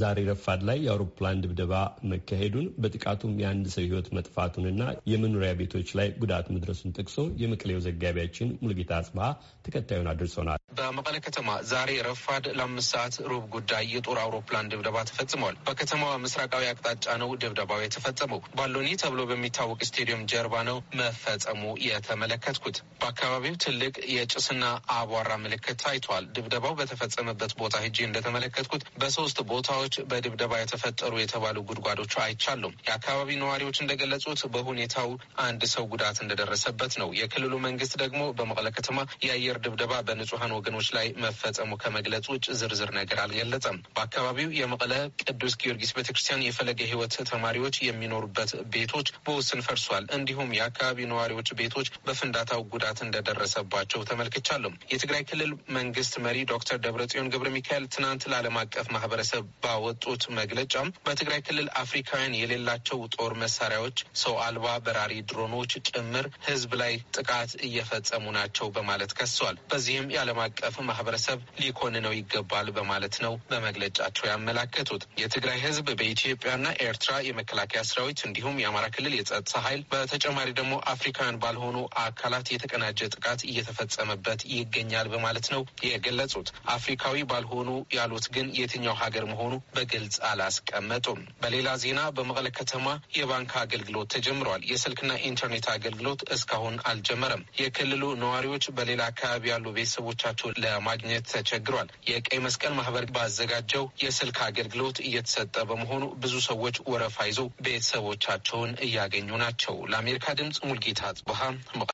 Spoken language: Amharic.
ዛሬ ረፋድ ላይ የአውሮፕላን ድብደባ መካሄዱን በጥቃቱም የአንድ ሰው ሕይወት መጥፋቱንና የመኖሪያ ቤቶች ላይ ጉዳት መድረሱን ጠቅሶ የመቀሌው ዘጋቢያችን ሙልጌታ አጽብሃ ተከታዩን አድርሶናል። በመቀለ ከተማ ዛሬ ረፋድ ለአምስት ሰዓት ሩብ ጉዳይ የጦር አውሮፕላን ድብደባ ተፈጽሟል። በከተማዋ ምስራቃዊ አቅጣጫ ነው ድብደባው የተፈጸመው። ባሎኒ ተብሎ በሚታወቅ ስቴዲየም ጀርባ ነው መፈጸሙ የተመለከትኩት። በአካባቢው ትልቅ የጭስና አቧራ ምልክት ታይቷል። ድብደባው በተፈጸመበት ቦታ ሄጄ እንደተመለከትኩት በሶስት ቦታዎች ቦታዎች በድብደባ የተፈጠሩ የተባሉ ጉድጓዶች አይቻሉም። የአካባቢ ነዋሪዎች እንደገለጹት በሁኔታው አንድ ሰው ጉዳት እንደደረሰበት ነው። የክልሉ መንግስት ደግሞ በመቀለ ከተማ የአየር ድብደባ በንጹሐን ወገኖች ላይ መፈጸሙ ከመግለጽ ውጭ ዝርዝር ነገር አልገለጸም። በአካባቢው የመቀለ ቅዱስ ጊዮርጊስ ቤተክርስቲያን የፈለገ ህይወት ተማሪዎች የሚኖሩበት ቤቶች በውስን ፈርሷል። እንዲሁም የአካባቢ ነዋሪዎች ቤቶች በፍንዳታው ጉዳት እንደደረሰባቸው ተመልክቻለሁ። የትግራይ ክልል መንግስት መሪ ዶክተር ደብረጽዮን ገብረ ሚካኤል ትናንት ለዓለም አቀፍ ማህበረሰብ ባወጡት መግለጫም በትግራይ ክልል አፍሪካውያን የሌላቸው ጦር መሳሪያዎች፣ ሰው አልባ በራሪ ድሮኖች ጭምር ህዝብ ላይ ጥቃት እየፈጸሙ ናቸው በማለት ከሷል። በዚህም የዓለም አቀፍ ማህበረሰብ ሊኮንነው ይገባል በማለት ነው በመግለጫቸው ያመላከቱት። የትግራይ ህዝብ በኢትዮጵያና ኤርትራ የመከላከያ ሰራዊት እንዲሁም የአማራ ክልል የጸጥታ ኃይል በተጨማሪ ደግሞ አፍሪካውያን ባልሆኑ አካላት የተቀናጀ ጥቃት እየተፈጸመበት ይገኛል በማለት ነው የገለጹት። አፍሪካዊ ባልሆኑ ያሉት ግን የትኛው ሀገር መሆኑ በግልጽ አላስቀመጡም። በሌላ ዜና በመቀለ ከተማ የባንክ አገልግሎት ተጀምሯል። የስልክና ኢንተርኔት አገልግሎት እስካሁን አልጀመረም። የክልሉ ነዋሪዎች በሌላ አካባቢ ያሉ ቤተሰቦቻቸውን ለማግኘት ተቸግሯል። የቀይ መስቀል ማህበር ባዘጋጀው የስልክ አገልግሎት እየተሰጠ በመሆኑ ብዙ ሰዎች ወረፋ ይዘው ቤተሰቦቻቸውን እያገኙ ናቸው። ለአሜሪካ ድምጽ ሙልጌታ ጽብሃ